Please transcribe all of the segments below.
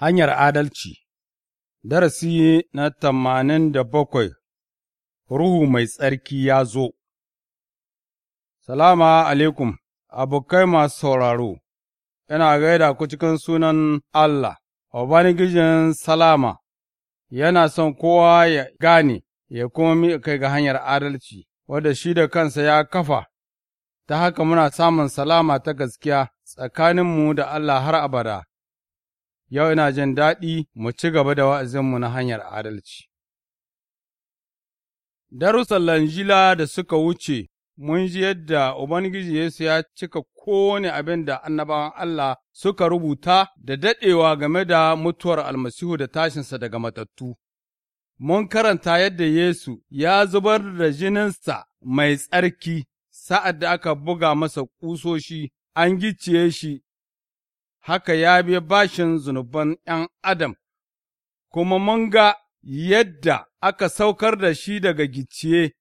Hanyar Adalci Darasi na tamanin da bakwai Ruhu Mai Tsarki ya zo Salama alaikum, abokai masu sauraro, Yana gaida ku cikin sunan Allah, Ubangijin Salama, yana son kowa ya gane ya kuma miƙa kai ga hanyar adalci, wadda shi da kansa ya kafa, ta haka muna samun salama ta gaskiya tsakaninmu da Allah har abada. yau ina jin daɗi mu ci gaba da wa'azinmu na hanyar adalci. Darussan Lanjila da suka wuce, mun ji yadda Ubangiji Yesu ya cika kowane abin da annabawan Allah suka rubuta da daɗewa game da mutuwar almasihu da tashinsa daga matattu. Mun karanta yadda Yesu ya zubar da jininsa mai tsarki sa'ad da aka buga masa ƙusoshi, an gicciye shi haka ya biya bashin zunuban ’yan Adam, kuma mun ga yadda aka saukar da shi daga gicciye,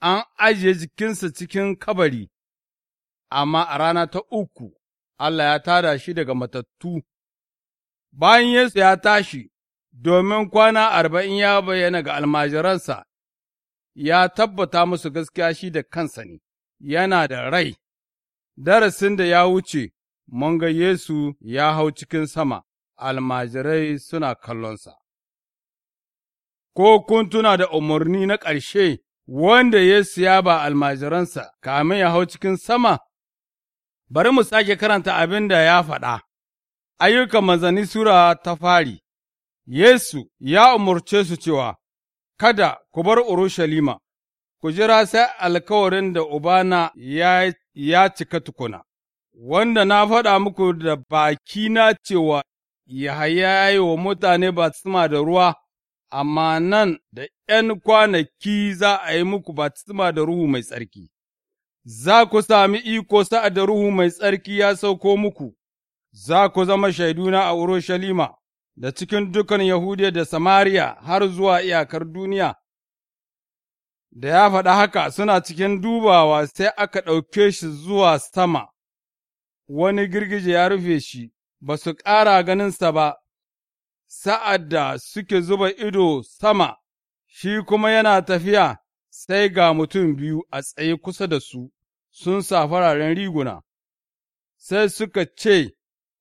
an ajiye jikinsa cikin kabari, amma a rana ta uku Allah ya tada shi daga matattu. Bayan Yesu ya tashi, domin kwana arba'in ya bayyana ga almajiransa, ya tabbata musu gaskiya shi da kansa ne, yana da rai, darasin da ya wuce. mun ga Yesu ya hau cikin sama, almajirai suna kallonsa. Ko kun tuna da umarni na ƙarshe wanda Yesu ya ba almajiransa kamin ya hau cikin sama? Bari mu sake karanta abin da ya faɗa, ayyukan manzanni Sura ta fari, Yesu ya umarce su cewa, Kada ku bar Urushalima, ku jira sai alkawarin da Ubana ya cika tukuna. wanda na faɗa muku da baki na cewa Yahaya ya yi wa mutane batisma da ruwa, amma nan da ’yan kwanaki za a yi muku batisma da Ruhu Mai Tsarki, za ku sami iko sa'ad da Ruhu Mai Tsarki ya sauko muku, za ku zama shaiduna a Urushalima da cikin dukan Yahudiya da Samariya har zuwa iyakar duniya. Da ya faɗa haka suna cikin dubawa sai aka ɗauke shi zuwa sama. wani girgije ya rufe shi, ba su ƙara ganinsa ba, sa'ad da suke zuba ido sama, shi kuma yana tafiya, sai ga mutum biyu a tsaye kusa da su, sun sa fararen riguna, sai suka ce,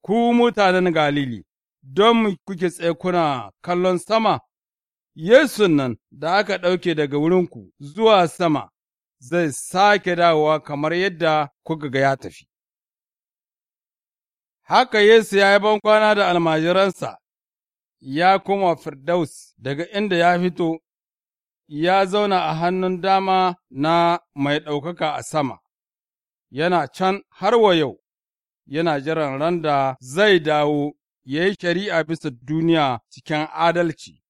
Ku mutanen Galili, don kuke tsaye kuna kallon sama, Yesu nan da aka ɗauke daga wurinku zuwa sama, zai sake dawowa kamar yadda kuka ga ya tafi. Haka Yesu ya yi bankwana da almajiransa, ya koma Firdaus daga inda ya fito, ya zauna a hannun dama na mai ɗaukaka a sama, yana can har wa yau, yana jiran ran da zai dawo ya yi shari'a bisa duniya cikin adalci.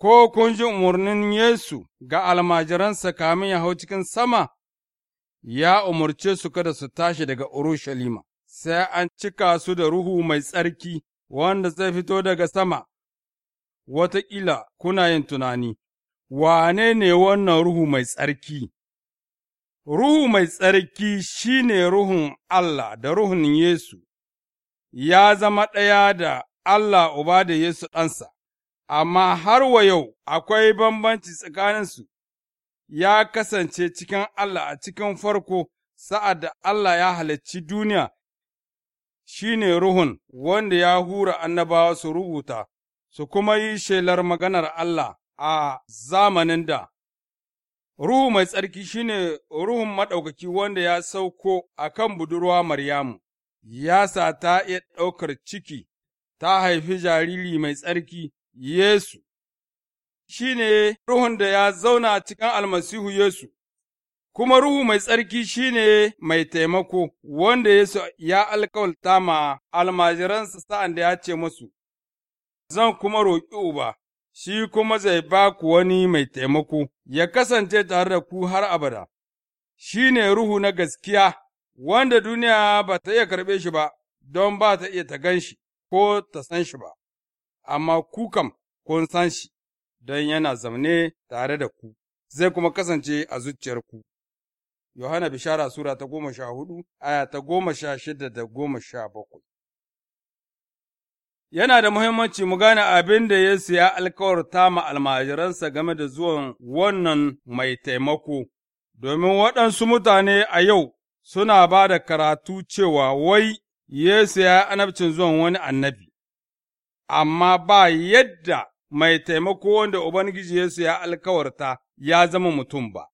Ko kun ji umarnin Yesu ga almajiransa kamin ya hau cikin sama, ya umarce su kada su tashi daga Urushalima. sai an cika su da Ruhu mai tsarki wanda zai fito daga sama, wataƙila kuna yin tunani, wane ne wannan Ruhu mai tsarki? Ruhu mai tsarki shi ne Ruhun Allah da Ruhun Yesu, ya zama ɗaya da Allah Uba da Yesu ɗansa, amma har wa yau akwai bambanci tsakaninsu, ya kasance cikin Allah a cikin farko sa'ad da Allah ya halicci duniya shi ne Ruhun wanda ya hura annabawa su rubuta, su kuma yi shelar maganar Allah a zamanin da. Ruhu mai tsarki shi ne Ruhun maɗaukaki wanda ya sauko a kan budurwa Maryamu, ya sa ta iya ɗaukar ciki, ta haifi jariri mai tsarki Yesu, shi ne Ruhun da ya zauna cikin almasihu Yesu. kuma Ruhu Mai Tsarki shi ne mai taimako, wanda Yesu ya alkawalta ma almajiransa sa'an da ya ce masu. Zan kuma roƙi Uba, shi kuma zai ba ku wani mai taimako, ya kasance tare da ku har abada, shi ne Ruhu na gaskiya, wanda duniya ba ta iya karɓe shi ba, don ba ta iya ta gan shi ko ta san shi ba, amma ku kam kun san shi, don yana zaune tare da ku, zai kuma kasance a zuciyarku. Yohana Bishara Sura ta goma sha hudu, aya ta goma sha shida da goma sha bakwai. Yana da muhimmanci mu gane abin da ya siya alkawarta ma almajiransa game da zuwan wannan mai taimako, domin waɗansu mutane a yau suna ba da karatu cewa wai Yesu ya anabcin zuwan wani annabi, amma ba yadda mai taimako wanda Ubangiji Yesu ya alkawarta ya zama mutum ba.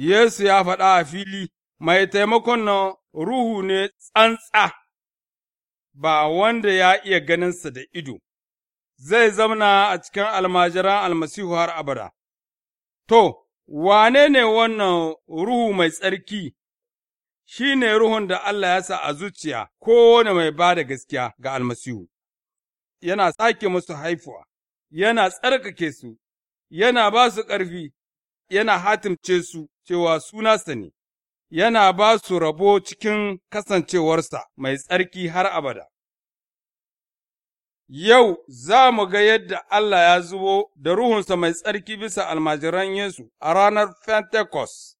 Yesu ya faɗa a fili, mai taimakon nan ruhu ne tsantsa, ba wanda ya iya ganinsa da ido, zai zamna a cikin almajiran almasihu har abada. To, wane ne wannan ruhu mai tsarki? Shi ne ruhun da Allah ya sa a zuciya kowane mai ba da gaskiya ga almasihu, yana sake musu haifuwa, yana tsarkake su, yana ba su ƙarfi, yana hatimce su. cewa sunasa ne, yana ba su rabo cikin kasancewarsa mai tsarki har abada. Yau za mu ga yadda Allah ya zubo da Ruhunsa mai tsarki bisa almajiran Yesu a ranar Pentecost.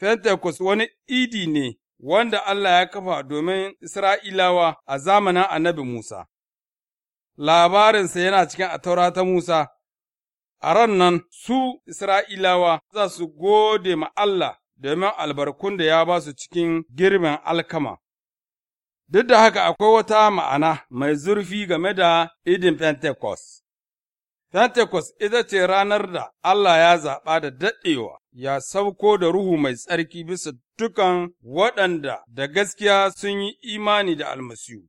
Pentecost wani idi ne wanda Allah ya kafa domin Isra'ilawa a zamanin annabi Musa. Labarinsa yana cikin a ta Musa, a ran nan su Isra'ilawa za su gode ma Allah domin albarkun da ya ba su cikin girbin alkama. Duk da haka akwai wata ma'ana mai zurfi game da idin Pentecost. Pentecost ita ce ranar da Allah ya zaɓa da daɗewa, ya sauko da Ruhu mai tsarki bisa dukan waɗanda da gaskiya sun yi imani da almasihu.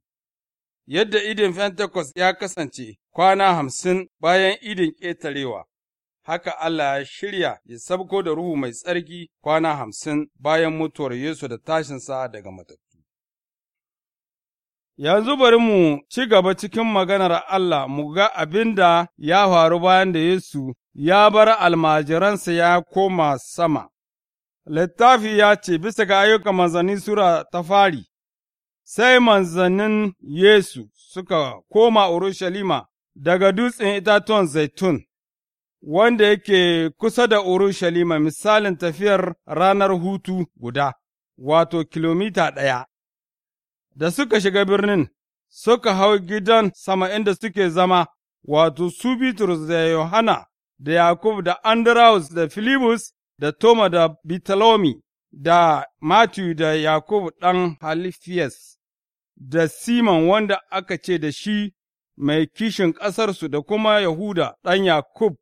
yadda idin Pentecost ya kasance kwana hamsin bayan idin ƙetarewa, haka Allah ya shirya ya sabko da Ruhu Mai Tsarki kwana hamsin bayan mutuwar Yesu da tashinsa daga matattu. Yanzu bari mu ci gaba cikin maganar Allah mu ga abin da ya faru bayan da Yesu ya bar almajiransa ya koma sama. Littafi ya ce bisa ga ayyukan manzanni Sura ta fari. sai manzannin Yesu suka koma Urushalima daga dutsen itatuwan zaitun, wanda yake kusa da Urushalima misalin tafiyar ranar hutu guda, wato kilomita ɗaya. Da suka shiga birnin, suka hau gidan sama inda suke zama, wato su Bitrus da Yohana da Yakub da andraus da Filibus da Toma da Bitalomi da Matthew da Yakub ɗan Halifiyas. da Siman wanda aka ce da shi mai kishin ƙasarsu da kuma Yahuda ɗan Yakub,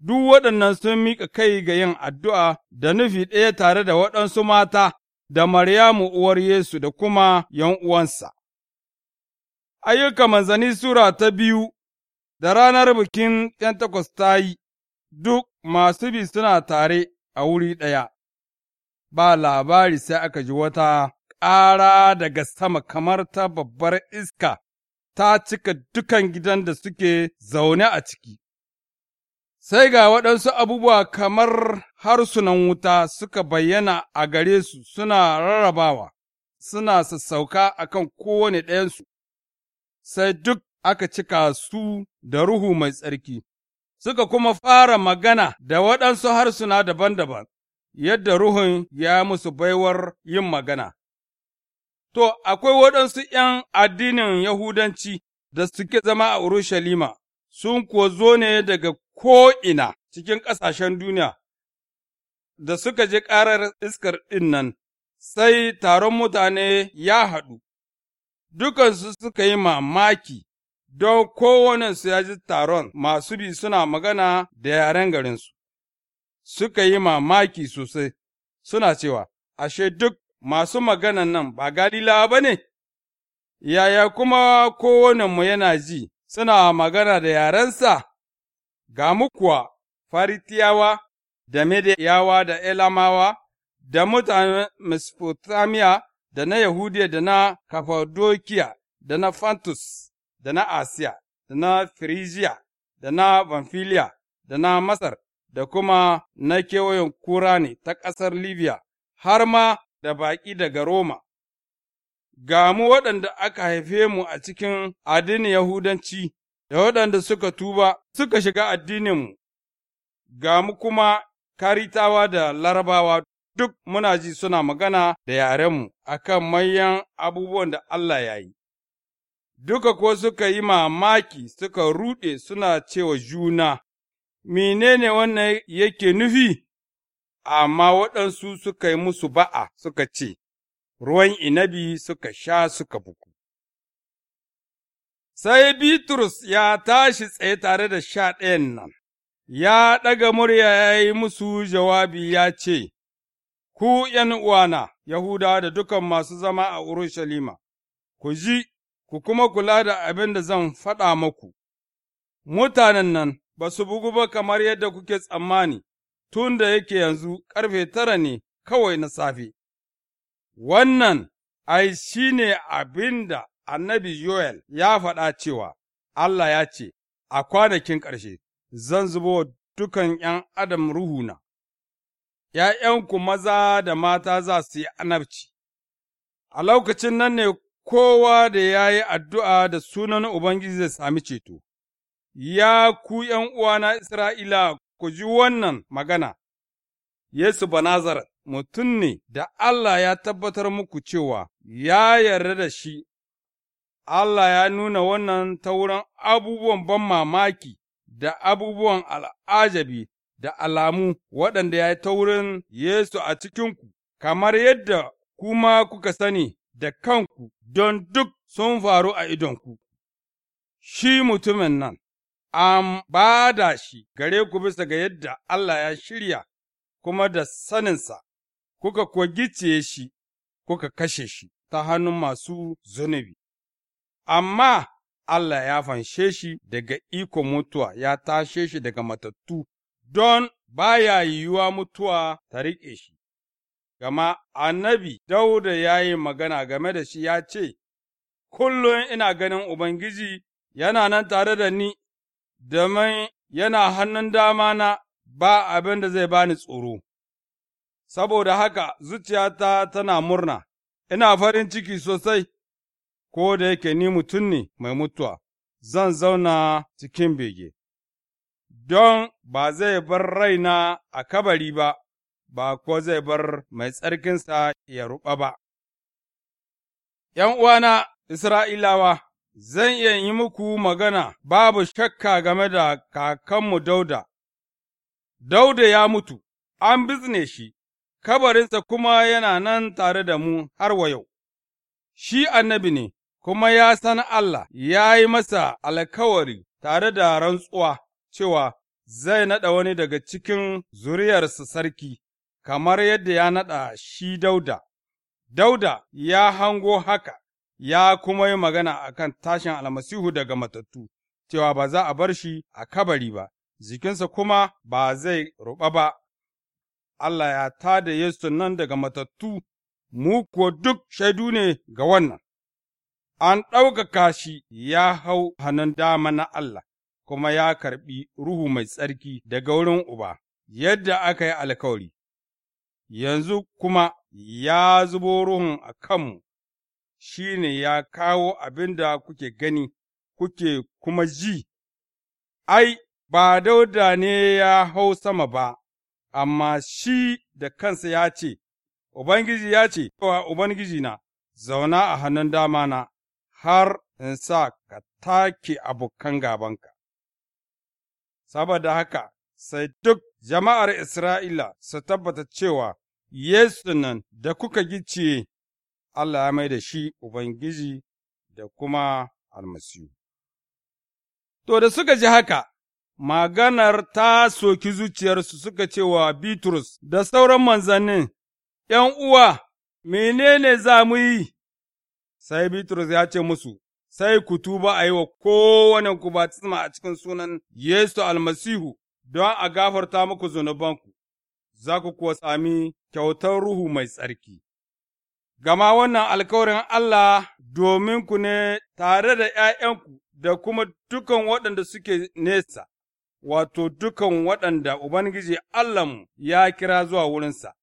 duk waɗannan sun miƙa kai ga yin addu'a da nufi ɗaya tare da waɗansu mata da Maryamu uwar Yesu da kuma ’yan uwansa. Ayyuka manzanni Sura ta biyu da ranar bikin ’yan takwas ta yi, duk masu bi suna tare a wuri ɗaya, ba labari sai aka ji wata ƙara daga sama kamar ta babbar iska ta cika dukan gidan da suke zaune a ciki. Sai ga waɗansu abubuwa kamar harsunan wuta suka bayyana a gare su suna rarrabawa, suna sassauka a kan kowane ɗayansu, sai duk aka cika su da Ruhu mai tsarki, suka kuma fara magana da waɗansu harsuna daban-daban, yadda Ruhun ya musu baiwar yin magana. To, akwai waɗansu ’yan addinin Yahudanci da suke zama a Urushalima, sun kuwa zo ne daga ko'ina cikin ƙasashen duniya, da suka je ƙarar iskar ɗinnan, sai taron mutane ya haɗu, dukansu suka yi mamaki, don kowanensu ya ji taron masu bi suna magana da yaren garinsu, suka yi mamaki sosai, suna cewa, ashe duk masu maganan nan ba Galilawa ba ne? Yaya kuma kowanenmu yana ji, suna magana da yarensa, ga mukuwa Faritiyawa, da Mediyawa da Elamawa, da mutanen Mesopotamiya da na Yahudiya, da na Kafadokiya, da na Fantus, da na Asiya, da na Firijiya, da na Banfiliya, da na Masar, da kuma na kewayen ne ta ƙasar Libya, har ma da baƙi daga Roma, ga mu waɗanda aka haife mu a cikin addinin Yahudanci da waɗanda suka tuba suka shiga addininmu, ga mu kuma karitawa da larabawa duk muna ji suna magana da yarenmu a kan manyan abubuwan da Allah ya yi. Duka ko suka yi mamaki suka ruɗe suna cewa juna, menene wannan yake nufi? amma waɗansu suka yi musu ba'a suka ce, Ruwan inabi suka sha suka buku. Sai Bitrus ya tashi tsaye tare da sha ɗayan nan, ya ɗaga murya ya yi musu jawabi ya ce, Ku ’yan uwana, yahuda da dukan masu zama a Urushalima, ku ji, ku kuma kula da abin da zan faɗa maku, mutanen nan ba su bugu ba kamar yadda kuke tsammani. tun da yake yanzu ƙarfe tara ne kawai na safe. Wannan ai shi ne abin da annabi Yoel ya faɗa cewa Allah ya ce, A kwanakin ƙarshe zan zubo dukan ’yan adam ruhuna, ’ya'yanku maza da mata za su yi anabci, a lokacin nan ne kowa da ya yi addu'a da sunan Ubangiji zai sami ceto, ya ku ’yan uwana Isra'ila ku ji wannan magana, Yesu Banazar mutum ne da Allah ya tabbatar muku cewa ya yarda da shi, Allah ya nuna wannan ta wurin abubuwan ban mamaki da abubuwan al'ajabi da alamu waɗanda ya yi ta wurin Yesu a cikinku, kamar yadda kuma kuka sani da kanku don duk sun faru a idonku. Shi mutumin nan an ba da shi gare ku bisa ga yadda Allah ya shirya kuma da saninsa, kuka kuwa gicciye shi, kuka kashe shi ta hannun masu zunubi, amma Allah ya fanshe shi daga iko mutuwa ya tashe shi daga matattu don ba baya yiwuwa mutuwa ta riƙe shi. Gama annabi Dauda ya yi magana game da shi ya ce, Kullum ina ganin Ubangiji yana nan tare da ni Da mai yana hannun dama na ba abin da zai bani tsoro, saboda haka zuciyata tana murna, ina farin ciki sosai, ko da yake ni mutum ne mai mutuwa, zan zauna cikin bege, don ba zai bar raina a kabari ba, ba ko zai bar mai tsarkinsa ya ruɓa ba. ’Yan uwana Isra'ilawa zan iya yi muku magana babu shakka game da kakanmu Dauda, Dauda ya mutu, an bizne shi, kabarinsa kuma yana nan tare da mu har wa yau, shi annabi ne, kuma ya san Allah ya yi masa alkawari tare da rantsuwa cewa zai naɗa wani daga cikin zuriyarsa sarki, kamar yadda ya naɗa shi Dauda. Dauda ya hango haka. ya kuma yi magana a kan tashin almasihu daga matattu, cewa ba za a bar shi a kabari ba, jikinsa kuma ba zai ruɓa ba. Allah ya ta da Yesu nan daga matattu, mu kuwa duk shaidu ne ga wannan. An ɗaukaka shi ya hau hannun dama na Allah, kuma ya karɓi Ruhu mai tsarki daga wurin Uba, yadda aka yi alkawari. Yanzu kuma ya zubo Ruhun a kanmu. shi ne ya kawo abin da kuke gani, kuke kuma ji, ai, ba dauda ne ya hau sama ba, amma shi da kansa ya ce, Ubangiji ya ce, ubangiji na zauna a hannun dama na har in sa ka take abokan gabanka. Saboda haka, sai duk jama'ar Isra'ila su tabbata cewa Yesu nan da kuka gice Allah ya mai da shi Ubangiji da kuma almasihu. To, da suka ji haka, maganar ta soki zuciyarsu suka ce wa Bitrus da sauran manzannin, ’yan uwa, menene za mu yi? Sai Bitrus ya ce musu, Sai ku tuba a yi wa kowane ku ba a cikin sunan Yesu almasihu don a gafarta muku zunubanku, za ku kuwa sami kyautar Ruhu mai tsarki. gama wannan alkawarin Allah dominku ne tare da ’ya'yanku da kuma dukan waɗanda suke nesa, wato, dukan waɗanda Ubangiji Allahnmu ya kira zuwa wurinsa,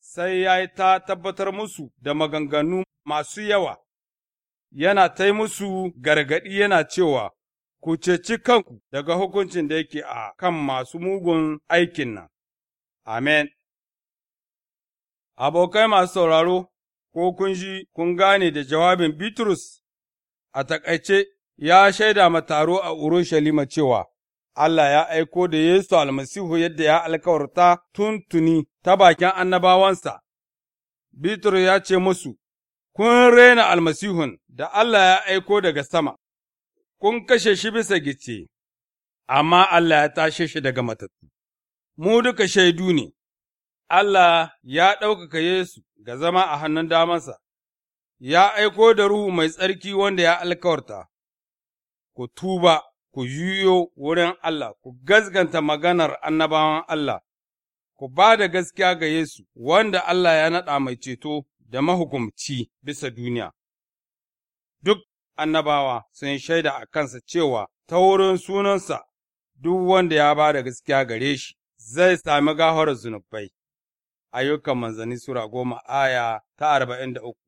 sai ya yi ta tabbatar musu da maganganu masu yawa, yana ta yi musu gargaɗi yana cewa, Ku ceci kanku daga hukuncin da yake a kan masu mugun aikin nan, Amen. Abokai masu sauraro, ko kun ji kun gane da jawabin Bitrus a taƙaice ya shaida ma taro a Urushalima cewa Allah ya aiko da Yesu almasihu yadda ya alkawarta tuntuni ta bakin annabawansa. Bitrus ya ce musu, Kun rena almasihun da Allah ya aiko daga sama, kun kashe shi bisa gice, amma Allah ya tashe shi daga matattu, mu duka shaidu ne. Allah ya ɗaukaka Yesu ga zama a hannun damansa, ya aiko da Ruhu mai tsarki wanda ya alkawarta, ku tuba, ku yiwo wurin Allah, ku gazganta maganar annabawan Allah, ku ba da gaskiya ga Yesu, wanda Allah ya naɗa mai ceto da mahukumci bisa duniya. Duk annabawa sun shaida a kansa cewa ta wurin sunansa duk wanda ya ba da gaskiya gare shi zai sami gahar zunubai. ayyukan manzanni Sura goma aya ta arba'in da uku.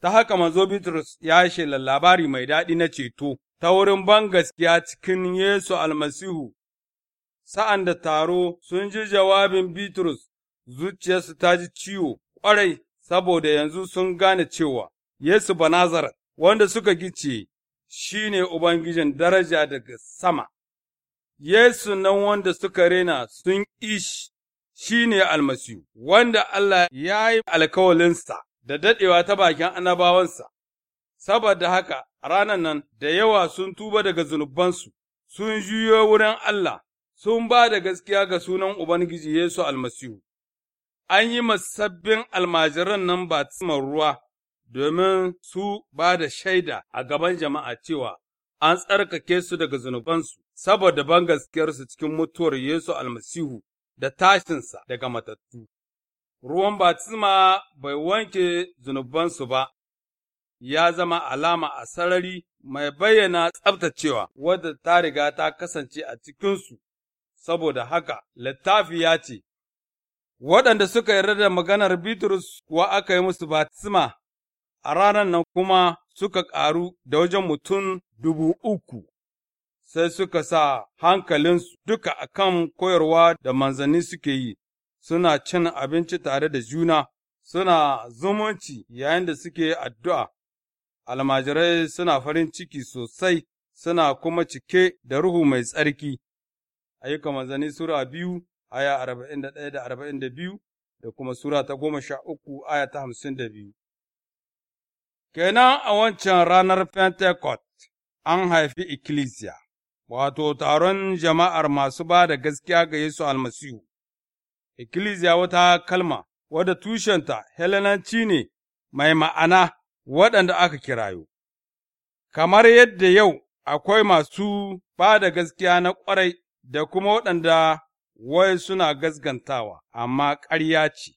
Ta haka manzo Bitrus ya shela labari mai daɗi na ceto ta wurin ban gaskiya cikin Yesu almasihu, sa'an da taro sun ji jawabin Bitrus zuciyarsu ta ji ciwo ƙwarai saboda yanzu sun gane cewa Yesu Banazar wanda suka gice shi ne Ubangijin daraja daga sama. Yesu nan wanda suka rena sun ish shi ne almasihu, wanda Allah ya yi alkawalinsa da daɗewa ta bakin anabawansa. saboda haka ranan nan da yawa sun tuba daga zunubansu, sun juyo wurin Allah, sun ba da gaskiya ga sunan Ubangiji Yesu almasihu. An yi masabbin almajiran nan batiman ruwa domin su ba da shaida a gaban jama'a cewa an tsarkake su daga zunubansu saboda ban gaskiyarsu cikin mutuwar Yesu almasihu da tashinsa daga matattu, ruwan batisma bai wanke zunubansu ba, ya zama alama a sarari mai bayyana tsabtacewa wadda ta riga ta kasance a cikinsu, saboda haka littafi ya ce, Waɗanda suka yarda da maganar Bitrus kuwa aka yi musu batisma, a ranar nan kuma suka ƙaru da wajen mutum dubu uku. sai suka sa hankalinsu duka a kan koyarwa da manzanni suke yi, suna cin abinci tare da juna, suna zumunci yayin da suke addu'a. Almajirai suna farin ciki sosai, suna kuma cike da ruhu mai tsarki. ayyuka manzanni Sura biyu, aya arba'in da ɗaya da arba'in da biyu, da kuma Sura ta goma sha uku, aya ta hamsin da biyu. Kenan a wancan ranar Pentecost an haifi ikkilisiya. wato taron jama'ar masu ba da gaskiya ga Yesu almasihu. Ikkilisiya wata kalma wadda tushenta Helenanci ne mai ma'ana waɗanda aka kirayo, kamar yadda yau akwai masu ba da gaskiya na ƙwarai da kuma waɗanda wai suna gaskantawa, amma ƙarya ce,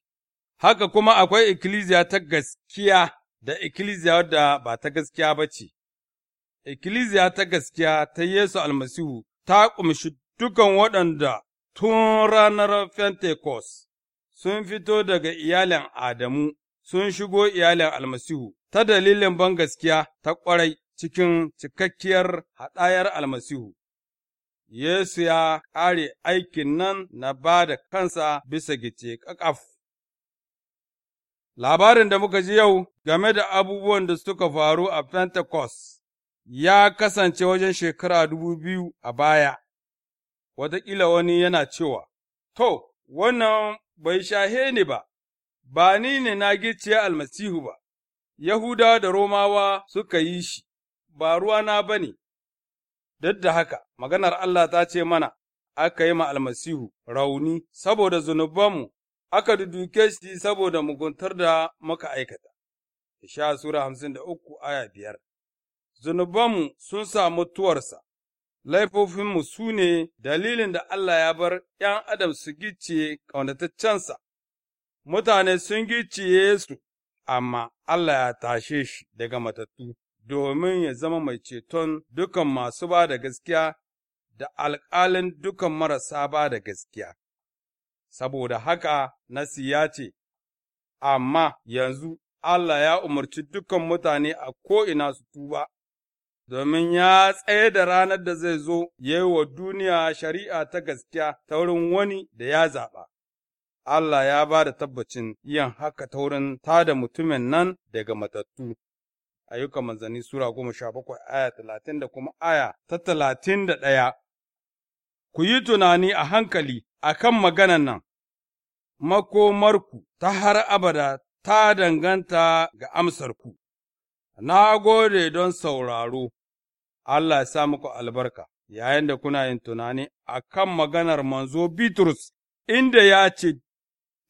haka kuma akwai ikkilisiya ta gaskiya da ikkilisiya wadda ba ta gaskiya ba ce. ikkilisiya ta gaskiya ta Yesu almasihu ta ƙumshi dukan waɗanda tun ranar Pentecost sun fito daga iyalin Adamu sun shigo iyalin almasihu ta dalilin ban gaskiya ta ƙwarai cikin cikakkiyar haɗayar almasihu. Yesu ya ƙare aikin nan na ba da kansa bisa gice ƙaƙaf. Labarin da muka ji yau game da abubuwan da suka faru a Pentecost ya kasance wajen shekara dubu biyu a baya, wataƙila wani yana cewa, To, wannan bai shahe ni ba, ba ni ne na gicciya almasihu ba, Yahuda da Romawa suka yi shi, ba ruwana ba ne, duk da haka maganar Allah ta ce mana, aka yi ma almasihu rauni saboda zunubanmu, aka duduke shi saboda muguntar da muka aikata. Isha Sura hamsin da uku aya biyar. zunubanmu sun sa mutuwarsa, laifofinmu su ne dalilin da Allah ya bar ’yan adam su gicciye ƙaunataccensa, mutane sun gicciye su, amma Allah ya tashe shi daga matattu domin ya zama mai ceton dukan masu ba da gaskiya da alƙalin dukan marasa ba da gaskiya. Saboda haka Nasi ya ce, Amma yanzu Allah ya umarci dukan mutane a ko'ina su tuba. domin ya tsaye da ranar da zai zo ya yi wa duniya shari'a ta gaskiya ta wurin wani da ya zaɓa. Allah ya ba da tabbacin yin haka ta wurin ta da mutumin nan daga matattu. Ayyukan manzanni Sura goma sha bakwai aya talatin da kuma aya ta talatin da ɗaya. Ku yi tunani a hankali a kan maganan nan, makomarku ta har abada ta danganta ga amsarku. Na gode don sauraro. Allah ya sa muku albarka, yayin da kuna yin tunani a kan maganar manzo Bitrus, inda ya ce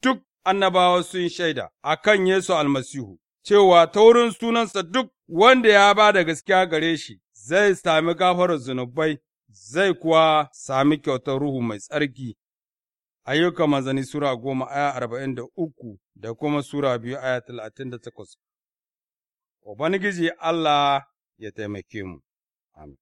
duk annabawa sun shaida a kan Yesu almasihu, cewa ta wurin sunansa duk wanda ya ba da gaskiya gare shi zai sami gafarar zunubai, zai kuwa sami kyautar Ruhu mai tsarki. Ayyukan mazani Sura goma aya arba'in da uku da kuma Sura biyu aya talatin da takwas. Ubangiji Allah ya taimake mu. I'm